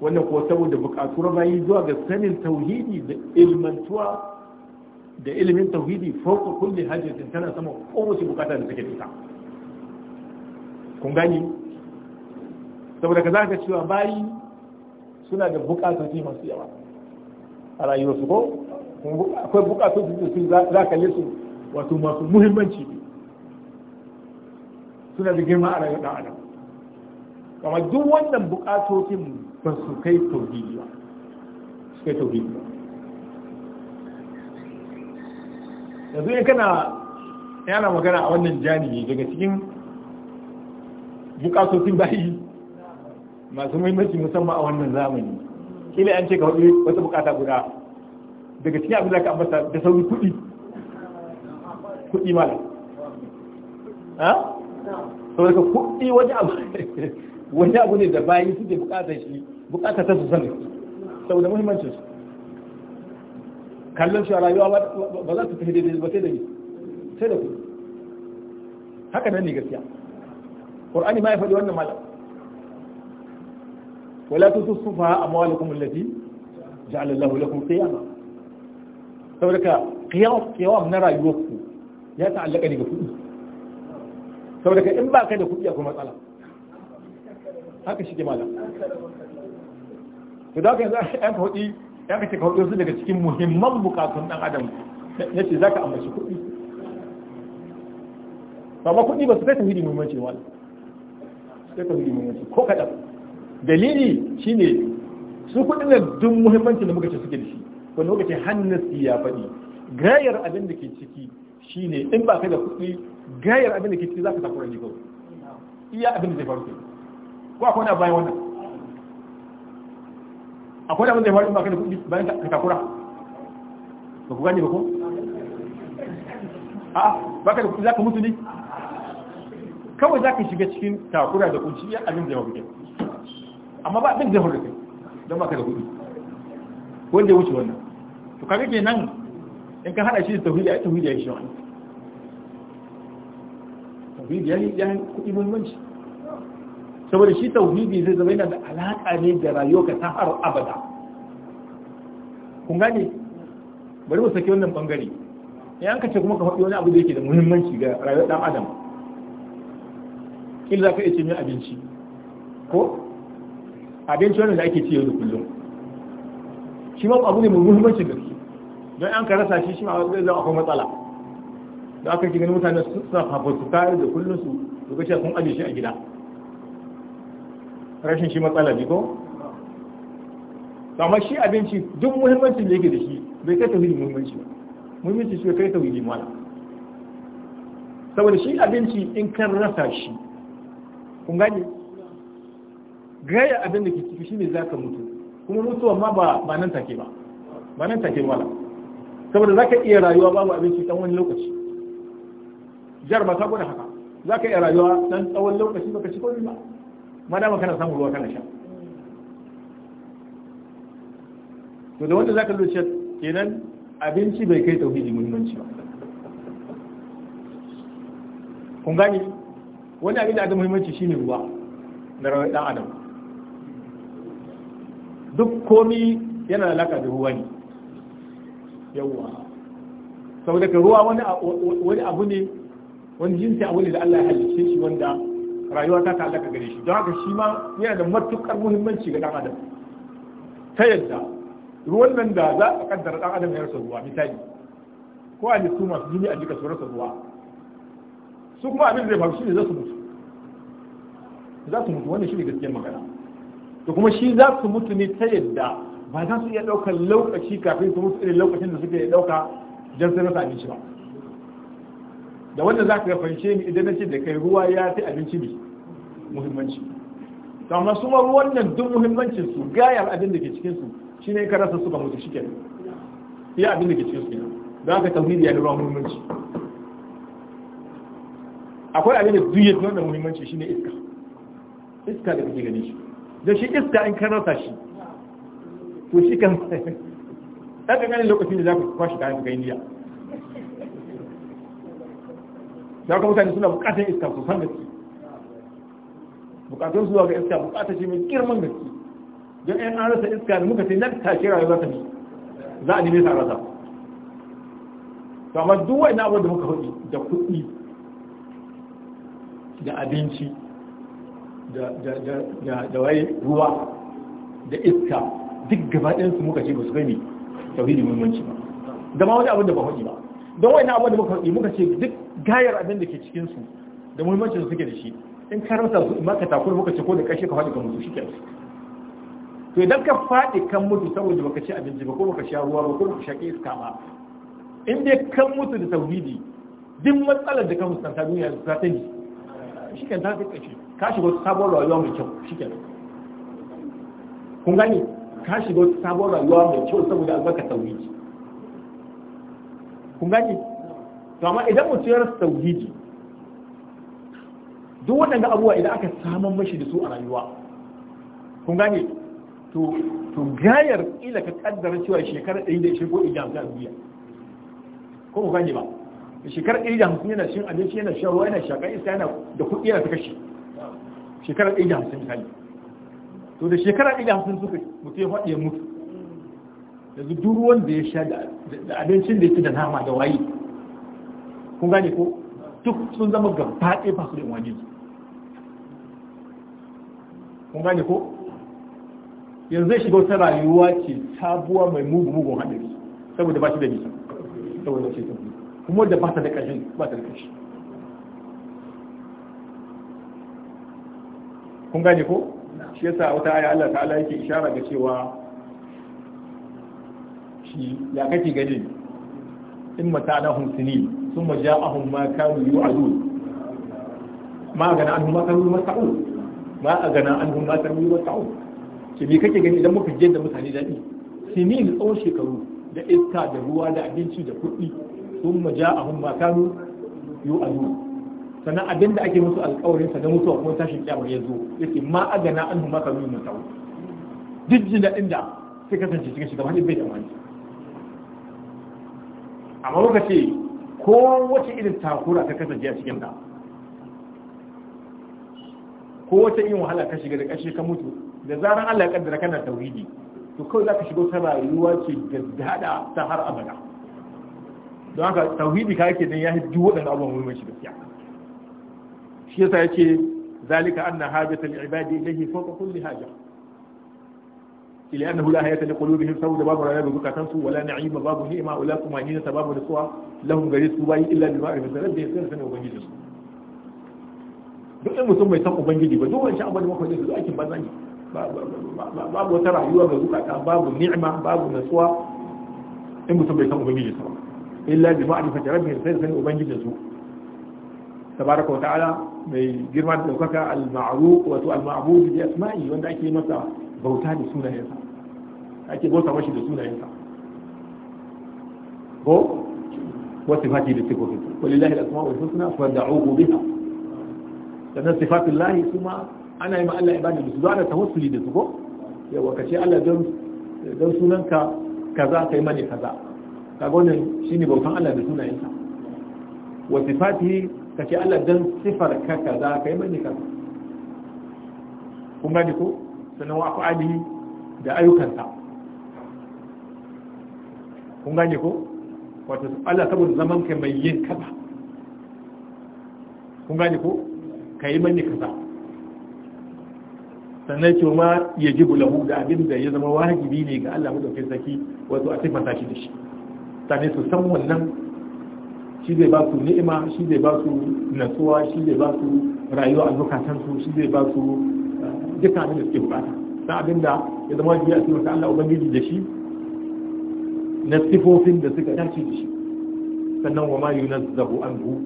wannan ko saboda bukatuwar bayi zuwa ga sanin tauhidi da ilmantuwa da ilimin tauhidi fauka kulli hajjatin tana sama kowace bukata da suke da kun gani saboda ka ka cewa bayi suna da bukatoci masu yawa a rayuwarsu ko akwai bukatar da su za ka su wato masu muhimmanci suna da girma a rayuwar ɗan adam kama duk wannan bukatocin ba su kai tauhidi ba su kai tauhidi ba yanzu in kana yana magana a wannan jami'i daga cikin bukatotin bayi masu muhimmanci musamman a wannan zamani kila an ce ka hudu wata bukata guda daga cikin abin da ka ambata da sauri kuɗi kuɗi da ha saboda kuɗi wajen abu <laughs> wani abu ne da bayi suke bukatar shi bukata ta su sani saboda muhimmancin su kallon shi a rayuwa ba za su tafi daidai ba sai da ni sai da kuɗi haka nan ne gaskiya qur'ani ma ya faɗi wannan malam wala tutu sufaha amwalukum allati ja'ala Allahu lakum qiyama saboda ka qiyam qiyam na rayuwarku ya ta'allaka ne ga kuɗi saboda ka in ba ka da kuɗi akwai matsala haka shi ke malam to da haka yanzu an ka hudi ya ka ce ka hudu su daga cikin muhimman bukatun dan adam na ce za ka ambaci kuɗi ba kuɗi ba su kai tafidi muhimmanci malam. sai ka zuwa ko kaɗan dalili shine su kuɗin da duk muhimmancin da muka ce suke da shi wani lokaci hannasi ya faɗi gayar abin da ke ciki shine in ba kai da kuɗi gayar abin da ke ciki za ka takura ne kawai iya abin da zai faru ko akwai wani bayan wannan akwai abin da ya faru in ba kai da kuɗi bayan ka takura ba ku gane ba ko a ba ka da kuɗi za ka mutu ne kawai za ka shiga cikin takura da kunci ya abin zai ya amma ba abin da ya kai don ba ka da kuɗi wanda ya wuce wannan to kaga nan in ka hada shi da tauhidi ai tauhidi ya shi wani tauhidi ya yi kuɗi muhimmanci saboda shi tauhidi zai zama yana da alaƙa ne da rayuwa ta har abada kun gane bari mu saki wannan bangare Ya an ka ce kuma ka faɗi wani abu da yake da muhimmanci ga rayuwar ɗan adam illa za ka iya mai abinci ko abinci wanda ake yau da kullum shi ma abu ne mai da gaske don an ka rasa shi shi ma zai zama akwai matsala da aka ki gani mutane suna fafasu kare da kullum su lokaci sun aje shi a gida rashin shi matsala ne ko amma shi abinci duk muhimmancin da yake da shi bai kai tauhidi muhimmanci ba muhimmanci shi bai kai tauhidi mala saboda shi abinci in kan rasa shi kun gane gaya abin da ke ciki shine zaka mutu kuma mutuwa ma ba ba nan take ba ba nan take wala saboda zaka iya rayuwa babu abinci dan wani lokaci jar ba ka gwada haka zaka iya rayuwa dan tsawon lokaci baka ci komai ba madama kana samun ruwa kana sha to da wanda zaka lura kenan abinci bai kai tauhidi muhimmanci ba kun gane wani abin da aka muhimmanci shine ruwa na rawar dan adam duk komi yana alaka da ruwa ne yawa saboda ka ruwa wani abu ne wani jinsi abu ne da Allah ya halicce shi wanda rayuwa ta ta alaka gare shi don haka shi ma yana da matukar muhimmanci ga dan adam ta yadda ruwan nan da za a kaddara dan adam ya rasa ruwa misali ko a littu masu jini a jika su rasa ruwa su kuma abin da zai faru shi ne za su mutu za su mutu wannan shi ne gaskiyar magana to kuma shi za su mutu ne ta yadda ba za su iya ɗaukar lokaci kafin su mutu irin lokacin da suke ɗauka don sai rasa abinci ba da wannan za ka fanshe ni idan na ce da kai ruwa ya fi abinci ne muhimmanci to amma su ma wannan duk muhimmancin su gayar abin da ke cikin su shine ka rasa su ba mutu shike iya abin da ke cikin su kenan don haka tauhidi ya da ruwan muhimmanci akwai abin da duk ya fi wannan muhimmanci shine iska iska da kake gani shi da shi iska in ka rasa shi ko shi kan sai ka ganin lokacin da za ku kwashi kayan ga indiya za ku mutane suna bukatar iska su san gaske bukatun zuwa ga iska bukatar shi mai girman gaske don yan an rasa iska da muka sai ta shi rayuwa ta ne za a neme sa rasa to amma duk wani abu da muka hudu da kuɗi da abinci da waye ruwa da iska duk gaba su muka ce ba su gani tauhidi muhimmanci ba da ma wani abin da ba haɗi ba don wani abin da muka haɗi muka ce duk gayar abin da ke cikin su da muhimmancin su suke da shi in ka rasa su in maka takura muka ce ko da ƙarshe ka faɗi ka mutu shi ke su to idan ka faɗi kan mutu saboda baka ci abinci ba ko baka sha ruwa ba ko baka sha iska ba in dai kan mutu da tauhidi duk matsalar da ka fuskanta duniya za ta yi shi kan ta fi ƙarshe ka shiga wata sabon rayuwa mai kyau shikenan kun gani ka shiga wata sabon rayuwa mai kyau saboda albarka tauhidi kun gani to amma idan mutum ya rasa tauhidi duk waɗanda abubuwa idan aka saman mashi da su a rayuwa kun gane to gayar ila ka kaddara cewa shekara ɗari da shi ko idan da hamsin ko ku gane ba shekara ɗari da hamsin yana shin abinci yana shan ruwa yana shaƙa iska yana da kuɗi yana ta kashe shekara ɗaya da hamsin misali to da shekara ɗaya da hamsin suka mutu ya faɗi ya mutu yanzu duk ruwan da ya sha da abincin da yake da nama da waye kun gane ko duk sun zama gaba ɗaya ba su da wani kun gane ko yanzu zai shiga wata rayuwa ce sabuwa mai mugu mugun haɗari saboda ba shi da nisa saboda ce kuma da ba ta da ƙashin ba ta da ƙashi kun gane ko shi yasa wata aya Allah ta'ala yake ishara ga cewa shi ya kake gani in mata'anahum sinin thumma ja'ahum ma kanu zuwa? ma a gana anhum ma kanu mas'ul ma a gana anhum ma kanu mas'ul shi me kake gani idan muka je da mutane dadi sinin tsawon shekaru da iska da ruwa da abinci da kuɗi thumma ja'ahum ma kanu zuwa? sannan abin da ake musu alƙawarin sa na mutuwa ko tashin kyamar ya zo yace ma agana an huma ka nuna tawo duk jin daɗin da sai kasance cikin shiga wani bai da wani amma muka ce ko wace irin takura ka kasance a cikin ta ko wace irin wahala ka shiga da ƙarshe ka mutu da zaran Allah ya kaddara kana tauhidi to kawai zaka shigo ta rayuwa ce da dada ta har abada don haka tauhidi ka yake dan ya hiddu waɗannan abubuwan muhimmanci gaskiya shi yasa yake zalika anna hajatal ibadi ilayhi fawqa kulli haja ila annahu la hayata li qulubihim saboda babu rayuwa zukatan su wala na'ima babu ni'ima wala kuma hina sababu da suwa lahum gari su bayi illa bi ma'rifati rabbi sai sanin ubangiji su duk mutum bai san ubangiji ba duk wani sha'abar da mafi da su aikin banza ne babu wata rayuwa ga zukata babu ni'ima babu nasuwa in mutum bai san ubangiji sa illa bi ma'rifati rabbi sai sanin ubangiji su tabaraka wa ta'ala mai girma da ɗaukaka al-ma'ruf wato al-ma'bud bi asma'i wanda ake masa bauta da sunayensa ake bauta mashi da sunayensa ko wasu fati da sifofin walillahi al-asma'u al-husna fad'uhu biha dan sifatin lahi kuma ana yi ma Allah ibada da su ba da tawassuli da su ko yawa ce Allah don don sunanka kaza kai mani kaza kaga wannan shine bautan Allah da sunayensa wa fati kake Allah dan sifar ka kaza ka yi mani kaza kun gani ko sannan wa af'alihi da ayyukansa kun gane ko wato Allah sabon zaman kai mai yin kaza kun gane ko ka yi mani kaza sannan ce ma ya ji bulahu da abin da ya zama wajibi ne ga Allah madaukin saki wato a sifanta shi da shi sannan su san wannan shi zai ba su ni'ima shi zai ba su natsuwa shi zai ba su rayuwa a zukatansu shi zai ba su eh, duka abin da suke bukata san abin da ya zama wajibi a cikin wata Allah ubangiji da shi na sifofin da suka dace da shi sannan wa ma yunazzahu anhu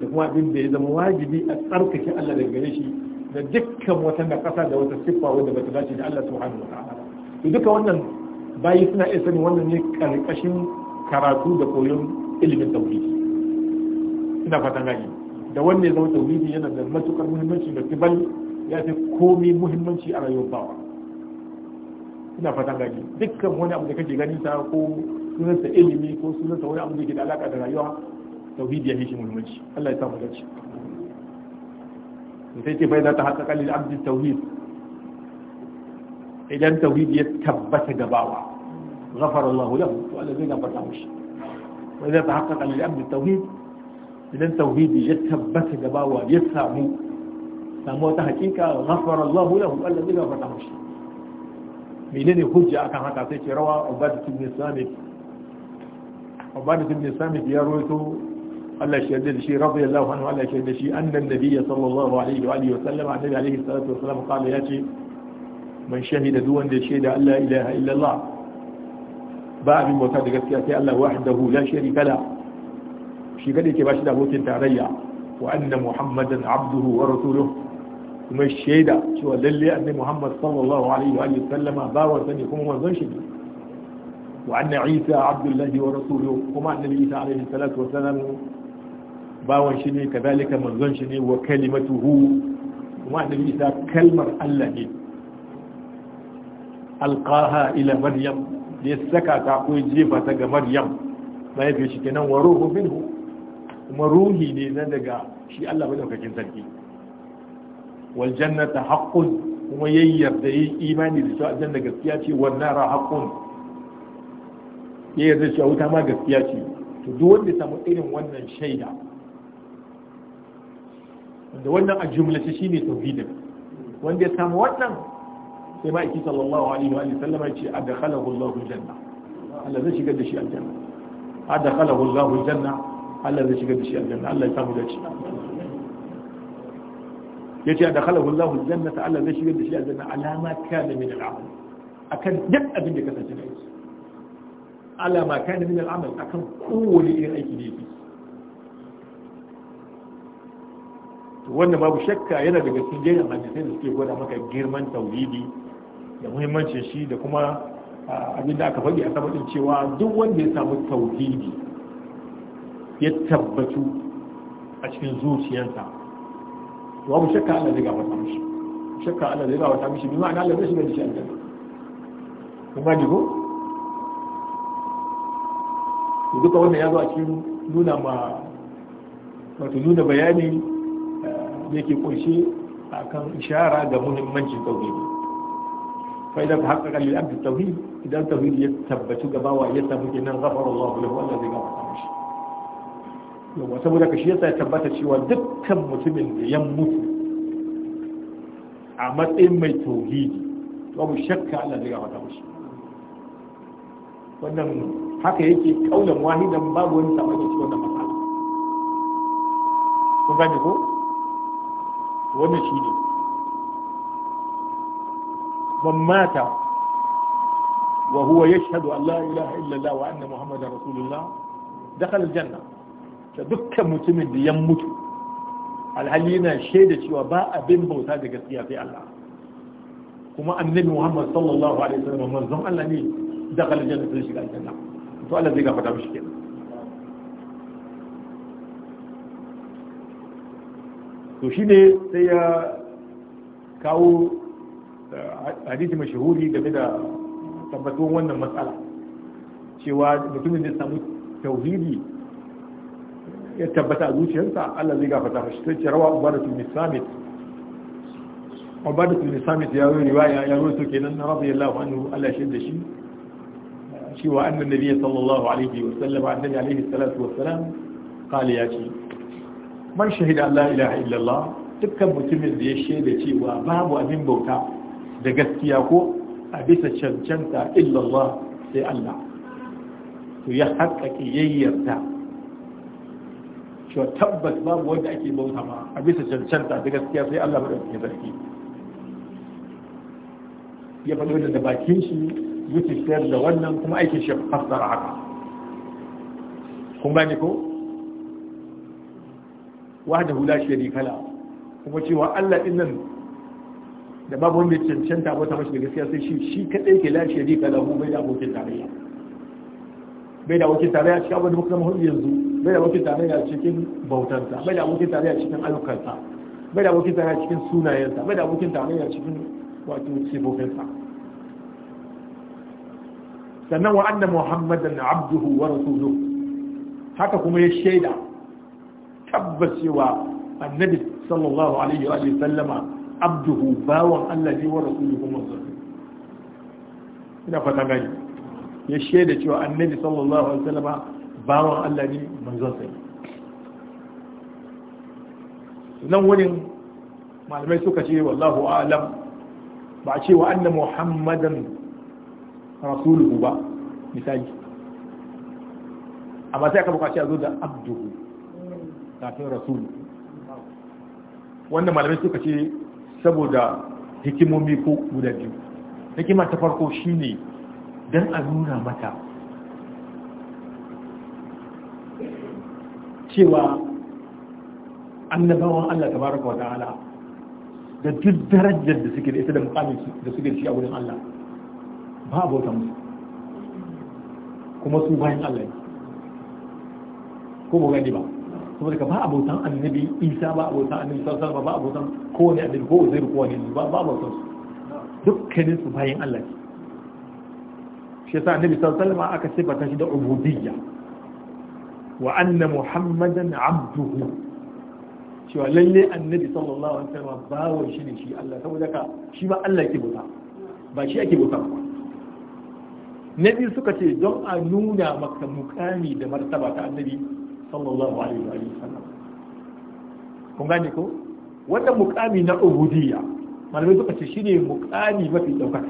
da kuma abin da ya zama wajibi a tsarkake Allah daga gare shi da dukkan wata nakasa da wata siffa wanda bata dace da Allah subhanahu wa ta'ala to duka wannan bayi suna iya sanin wannan ne karkashin karatu da koyon ilimin tauhidi ina fatan gani da wanne zama tauhidi yana da matukar muhimmanci da kibal ya fi komai muhimmanci a rayuwar bawa ina fatan gani dukkan wani abu da kake ganin ta ko sunansa ilimi ko sunansa wani abu da ke da alaka da rayuwa tauhidi ya fi shi muhimmanci Allah ya samu dace sai ce bai za ta haƙaƙa lil abdi tauhid idan tauhid ya tabbata ga bawa ghafara gabawa غفر الله له وقال زي wa idan ta haƙaƙa lil abdi tauhid idan tauhidi ya tabbata gabawa ya samu samu wata hakika ghafara Allahu lahu Allah zai gafarta mishi menene hujja akan haka sai ce rawa ubadi ibn Samit ubadi ibn Samit ya rawaito Allah shi yarda da shi radiyallahu anhu Allah shi yarda da shi annan nabiyyi sallallahu alaihi wa alihi wa sallam annabi alaihi salatu wa sallam qala yace man shahida duk wanda ya shaida Allah ilaha illallah ba abin bauta da gaskiya sai Allah wahdahu la sharika lahu shi kada yake bashi da abokin tarayya wa anna muhammadan abduhu wa rasuluhu kuma shaida cewa lalle annabi muhammad sallallahu alaihi wa sallama sani kuma manzon shi wa anna isa abdullahi wa rasuluhu kuma annabi isa alaihi salatu wa salam bawan shi ne kadalika manzon shi ne wa kalimatuhu kuma annabi isa kalmar Allah ne alqaha ila maryam ya saka ta ko jefa ta ga maryam mahaifiyar shi kenan wa ruhu minhu kuma ruhi ne na daga shi Allah madaukakin sarki wal jannata haqqun kuma yayyar da yi imani da cewa aljanna gaskiya ce wal nara haqqun yayyar da cewa wuta ma gaskiya ce to duk wanda samu irin wannan shaida da wannan a jumla shi shine tauhidin wanda ya samu wannan sai ma iki sallallahu alaihi wa sallama ce adkhalahu Allahu janna Allah zai shigar da shi aljanna adkhalahu Allahu janna Allah zai shiga da shi aljanna Allah ya samu dace yace da khalahu Allahu jannata Allah zai shiga da shi aljanna alama da min al'amal akan duk abin da kasance da shi alama da min al'amal akan kowane irin aiki da yake wannan babu shakka yana daga cikin jerin hadisai da suke gwada maka girman tauhidi da muhimmancin shi da kuma ah, abin da aka faɗi a sabbin cewa duk wanda ya samu tauhidi ya tabbatu a cikin zuciyarsa babu shakka Allah zai gafarta mishi shakka Allah zai gafarta mishi bi ma'ana Allah zai shiga da shi aljanna kuma digo duka wannan ya zo a cikin nuna ma wato nuna bayani da ke kunshe akan ishara ga muhimmancin tauhidi fa idan haqqaqa lil abd tauhid idan tauhid ya tabbatu gabawa ya samu kenan ghafara Allah lahu Allah zai gafarta mishi yawa saboda ka shi yasa tabbata cewa dukkan mutumin da ya mutu a matsayin mai tauhidi mu shakka Allah zai gafarta mishi wannan haka yake kaulan wahidan babu wani sabani cikin wannan matsala kun gane ko wannan shi ne man mata wa huwa yashhadu an la ilaha illallah wa anna muhammadar rasulullah dakhala aljanna Da dukkan mutumin da ya mutu alhali yana shaida cewa ba abin bauta da gaskiya sai Allah kuma annabi Muhammad sallallahu alaihi wasallam manzon Allah ne da kaljanna sai shiga aljanna to Allah zai gafarta mishi kenan to shine sai ya kawo eh, hadisi mashahuri game da tabbatuwan wannan matsala cewa mutumin da samu tauhidi ya tabbata a zuciyarsa Allah zai gafarta mashi sai ce rawa ubadatu bin samit ubadatu bin samit ya yi riwaya ya rawaito kenan na radiyallahu anhu Allah shi da shi cewa annan nabiyyi sallallahu alaihi wa sallam annabi alaihi salatu wa salam qala ya ce man shahida Allah ilaha allah dukkan mutumin da ya shaida cewa babu abin bauta da gaskiya ko a bisa cancanta illa allah sai Allah to ya haƙƙaƙi yayyarta cewa tabbas babu wanda ake bauta ma a bisa cancanta da gaskiya sai Allah madaukakin sarki ya faɗo da bakin shi yake sayar da wannan kuma aikin shi fassara haka kun gane ko wahdahu hula shi kala kuma cewa Allah din nan da babu wanda cancanta bauta mashi da gaskiya sai shi shi kadai ke la kala mu bai da abokin tarayya bai da abokin tarayya shi abin da muka zama yanzu bai da abokin tarayya cikin bautarsa bai da abokin tarayya cikin ayyukansa bai da abokin tarayya cikin sunayensa bai da abokin tarayya cikin wato sifofinsa sannan wa anna muhammadan abduhu wa rasuluhu haka kuma ya shaida tabbas cewa annabi sallallahu alaihi wa sallama abduhu bawan Allah ne wa rasuluhu manzo ina fata gani ya shaida cewa annabi sallallahu alaihi wa sallama bawan Allah ne manzon sai nan wani malamai suka ce wallahu alam ba ce wa anna muhammadan rasuluhu ba misali amma sai aka bukaci a zo da abduhu kafin rasulu wannan malamai suka ce saboda hikimomi ko guda biyu hikima ta farko shine dan a nuna mata cewa annabawan Allah tabaraka wa ta'ala da duk darajar da suke da ita da mukamin da suke shi a wurin Allah ba musu kuma su bayan Allah ne ko ba gani ba kuma daga ba abotan annabi isa ba annabi sassan ba ba kowane annabi ko ne ba ba su dukkanin su bayan Allah ne shi yasa annabi sallallahu alaihi aka sifata shi da ubudiyya wa anna muhammadan abduhu cewa lalle annabi sallallahu alaihi wasallam bawon shi ne shi Allah saboda ka shi ba Allah ke bauta ba shi ake bauta ba na biyu suka ce don a nuna maka mukami da martaba ta annabi sallallahu alaihi wa sallam kun gane ko wannan mukami na ubudiyya malamai suka ce shine mukami mafi daukaka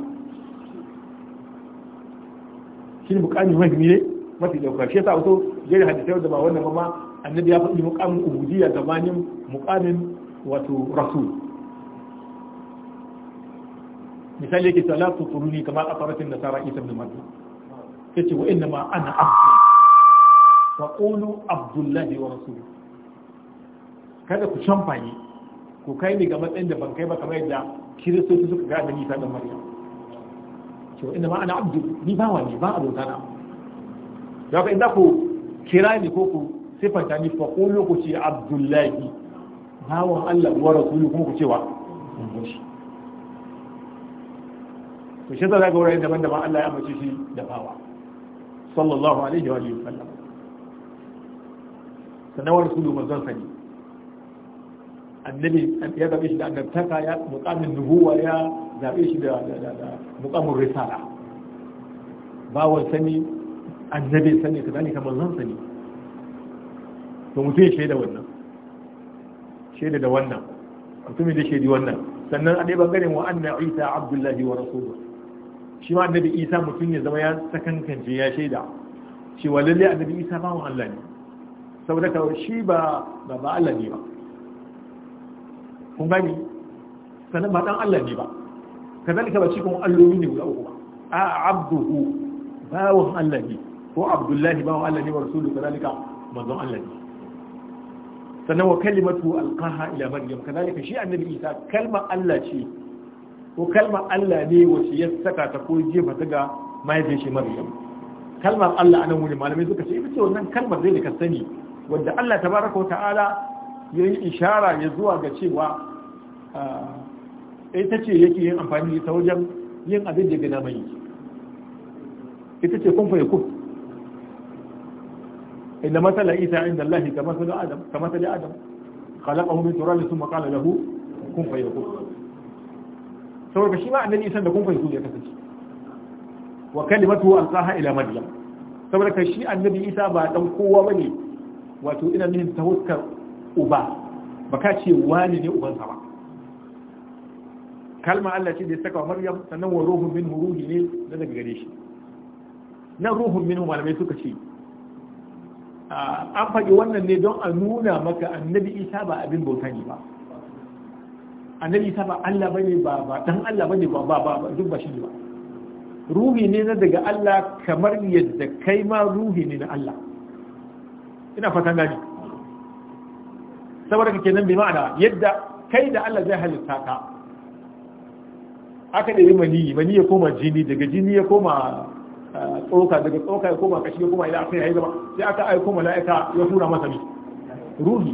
shine mukami mafi ne mafi daukaka shi yasa wato gari hadisai da ba wannan ba ma annabi ya faɗi muƙamin ubudiyya gabanin muƙamin wato rasul misali yake salatu quruni kamar asaratin nasara isa ibn maryam ce wa inna ma ana abdu wa qulu abdullahi wa rasul kada ku shamfani ku kai ni ga matsayin da ban kai ba kamar yadda kiristoci suka ga da nisa dan maryam ce wa inna ma ana abdu ni bawa ne ba abokana na da haka in ku kira ne ko ku sifanta ni fa qulu ku ce abdullahi bawan Allah wa rasulu kuma ku cewa to shi zaka ga wurare daban-daban Allah ya amince shi da bawa sallallahu alaihi wa sallam sanawar rasulu manzon sani annabi ya zabe shi da annabtaka ya muqamin nubuwa ya zabe shi da muqamul risala bawan sani annabin sani ka kamar zan sani to mutum ya shaida wannan shaida da wannan mutumin da shaidi wannan sannan a ɗaya bangaren wa anna isa abdullahi wa rasuluhu shi ma annabi isa mutum ya zama ya sakankance ya shaida cewa lalle annabi isa ba mu Allah ne saboda ka shi ba ba ba Allah ne ba kun gani sannan ba dan Allah ne ba kazalika ba shi kuma alloli ne guda uku ba a abduhu bawon Allah ne ko abdullahi bawa Allah ne wa rasulu kadalika manzon Allah ne sannan wa kalimatu alqaha ila maryam kadalika shi annabi isa kalmar Allah ce ko kalmar Allah ne wasu ya saka ta ko jefa ta ga mahaifin shi maryam kalmar Allah anan wuri malamai suka ce ita ce wannan kalmar zai da ka sani wanda Allah tabaraka wa ta'ala ya yi ishara ya zuwa ga cewa ita ce yake yin amfani ta wajen yin abin da gina mai ita ce kun fa yakun inna masala isa inda Allah ka masala adam ka masala adam khalaqahu min turab thumma qala lahu kun shi ma annabi isa da kun fayakun ya kasance wa kalimatu alqaha ila maryam saboda kai shi annabi isa ba dan kowa bane wato ina nihin ta huskar uba baka ce wani ne ubansa ba kalma Allah ce da ya saka wa maryam sannan wa ruhun ne daga gare shi nan ruhun malamai suka ce an faɗi wannan ne don a nuna maka annabi isa ba abin bauta ne ba annabi isa ba Allah bane ba ba dan Allah bane ba ba ba duk ba shi ba ruhi ne na daga Allah kamar yadda kai ma ruhi ne na Allah ina fatan gani saboda kake nan bi ma'ana yadda kai da Allah zai halitta ka aka da mani mani ya koma jini daga jini ya koma tsoka daga tsoka ya koma ka ya kuma ila akai ya gaba sai aka aiko mala'ika ya tura masa ne ruhi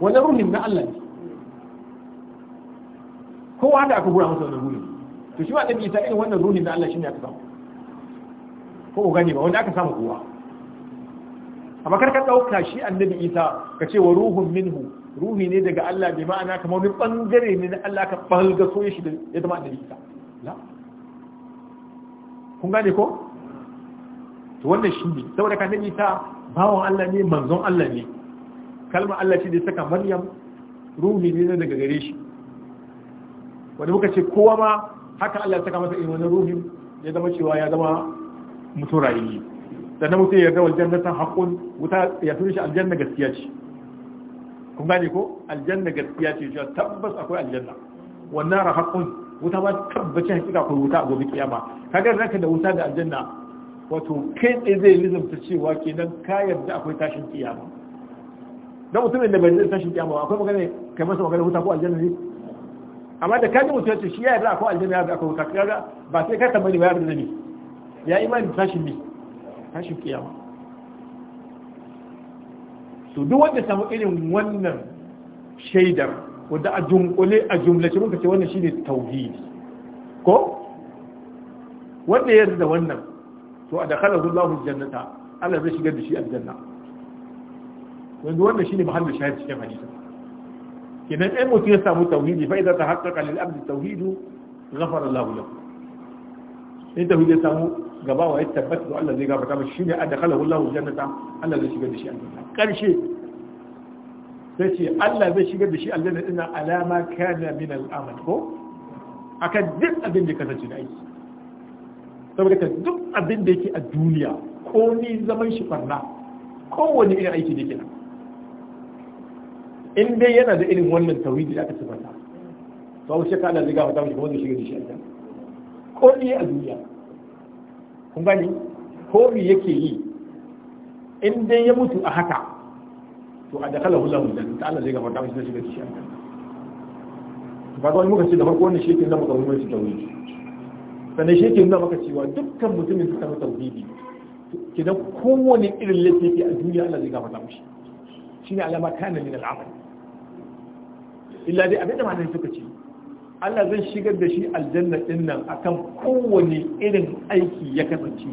wannan ruhin na Allah ne kowa da aka gura masa wannan ruhi to shi ma dan isa irin wannan ruhin na Allah ne aka samu ko ku gane ba wanda aka samu kowa amma karka ka dauka shi annabi isa ka ce wa ruhun minhu ruhi ne daga Allah bi ma'ana kamar wani bangare ne na Allah ka balga so shi ya zama annabi isa la kun gane ko to wannan shi ne saboda kan nabi ta bawon Allah ne manzon Allah ne kalma Allah ce da saka Maryam ruhi ne daga gare shi wanda muka ce kowa ma haka Allah ya saka masa irin wannan ruhin ya zama cewa ya zama mutum dan sannan mutum ya rawar jannatan haƙun wuta ya tuni shi aljanna gaskiya ce kun gane ko aljanna gaskiya ce cewa tabbas akwai aljanna wannan ra haƙun wuta ba tabbacin hakika akwai wuta a gobe kiyama kaga ranka da wuta da aljanna wato kai tsaye zai lizamta cewa kenan ka yarda akwai tashin kiyama don mutumin da bai zai tashin kiyama akwai magana kai masa magana huta ko aljanna ne amma da kaji mutum yace shi ya yarda akwai aljanna ya yarda akwai huta kaga ba sai ka tambaye ba ya yarda ne ya imani tashin ne tashin kiyama to duk wanda samu irin wannan shaidar wanda a jumkule a jumlace muka ce wannan shine tauhidi ko wanda ya yarda wannan to adkhalahu Allahu jannata Allah zai shigar da shi aljanna yanzu wannan shine mahallin shahid cikin hadisin kenan ɗan mutum ya samu tauhidi fa idan tahaqqaqa lil abdi tauhidu ghafara Allahu lahu in tauhidi ya samu gaba wa ya tabbata Allah zai gafarta masa shine adkhalahu Allahu jannata Allah zai shigar da shi aljanna karshe sai ce Allah zai shigar da shi aljanna ina alama kana min al-amal ko akan duk abin da kasance da aiki saboda ka duk abin da yake a duniya ko ni zaman shi farna kowane irin aiki da kina in dai yana da irin wannan tawhidi da aka sifanta to abu shakka Allah zai gafarta mishi kuma zai shiga da shi can ko ni a duniya kun gani ko mi yake yi in dai ya mutu a haka to a dakala hula aljanna ta Allah zai gafarta mishi zai shiga da shi can ba ga wani muka ce da farko wannan shi ke zama kamar mai tawhidi sannan shi ke nuna maka cewa dukkan mutumin da mutu tauhidi kidan kowane irin laifi a duniya Allah zai gafarta shi shine alama kana min al'amal illa dai abinda nan suka ce Allah zai shigar da shi aljanna din nan akan kowane irin aiki ya kasance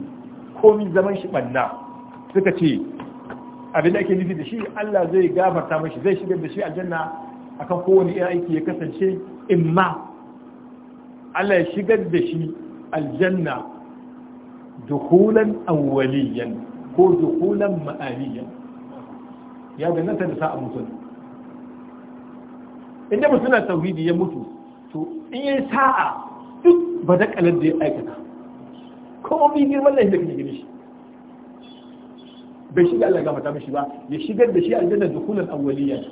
komin zaman shi banna suka ce abinda ake nufi da shi Allah zai gafarta mushi zai shigar da shi aljanna akan kowane irin aiki ya kasance imma Allah ya shigar da shi aljanna dukulan awwaliyan ko dukulan ma'aniyan ya danganta da sa'a mutum inda mutum na tauhidi mutu to in sa'a duk ba da kalar ya aikata kuma bi girman lahi da kuma gini shi bai shiga Allah gamata mishi ba ya shigar da shi aljanna dukulan awwaliyan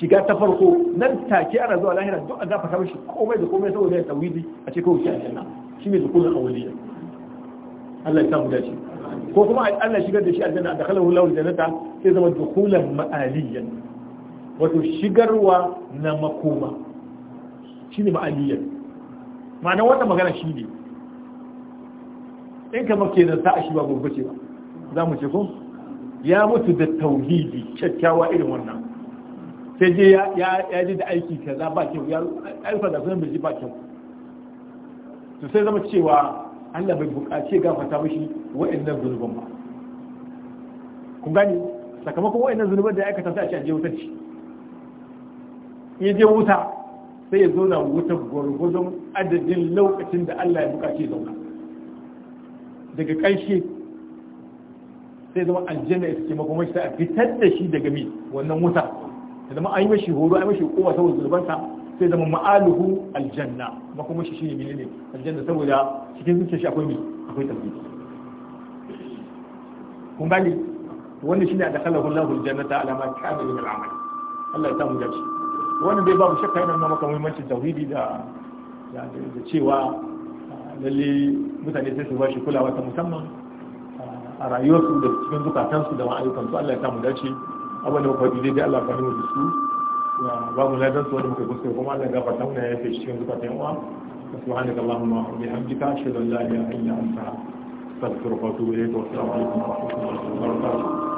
shiga ta farko nan take ana zuwa lahira duk a gafarta mishi komai da komai saboda ya tauhidi a ce kawai shi aljanna ne dukulul awliya Allah ya samu dace ko kuma Allah shigar da shi aljanna da khalahu lahu jannata sai zama dukulan ma'aliyan wato shigarwa na makoma shine ma'aliyan ma'ana wannan magana shine in kamar kenan sa'a shi ba gobe ce ba za mu ce ko ya mutu da tauhidi kyakkyawa irin wannan sai je ya ji da aiki kaza ba kyau ya aika da sunan bai ji ba kyau to sai zama cewa Allah bai buƙaci gafarta mishi wa'annan zunuban ba kun gani sakamakon wa'annan zunuban da ya aikata sai a ce a je wutar ci in je wuta sai ya zauna wutar gwargwadon adadin lokacin da Allah ya buƙaci zauna daga ƙarshe sai zama aljanna ita ce sai ta fitar da shi daga mi wannan wuta da zama an yi mashi horo an yi mashi kowa saboda zunubansa sai zama ma'aluhu aljanna kuma kuma shi shine menene aljanna saboda cikin zuciyar shi akwai me akwai tauhidi kun gane wannan shine adkhalahu Allahu aljannata ala ma kana min al'amal Allah ya samu dace wannan dai babu mu shakka yana nuna maka muhimmancin tauhidi da da cewa ah, lalle mutane sai su ba shi kulawa ta musamman ah, a rayuwarsu da cikin zukatansu da ma'ayyukansu Allah ya samu dace abin da muka dai Allah ya fahimta da su babu ladan su muke muka gusa kuma Allah gafarta mu ya yafe cikin zukatan uwa subhanaka allahumma wa bihamdika ashhadu an la ilaha illa anta astaghfiruka wa atubu ilayk wa assalamu alaikum wa rahmatullahi wa barakatuh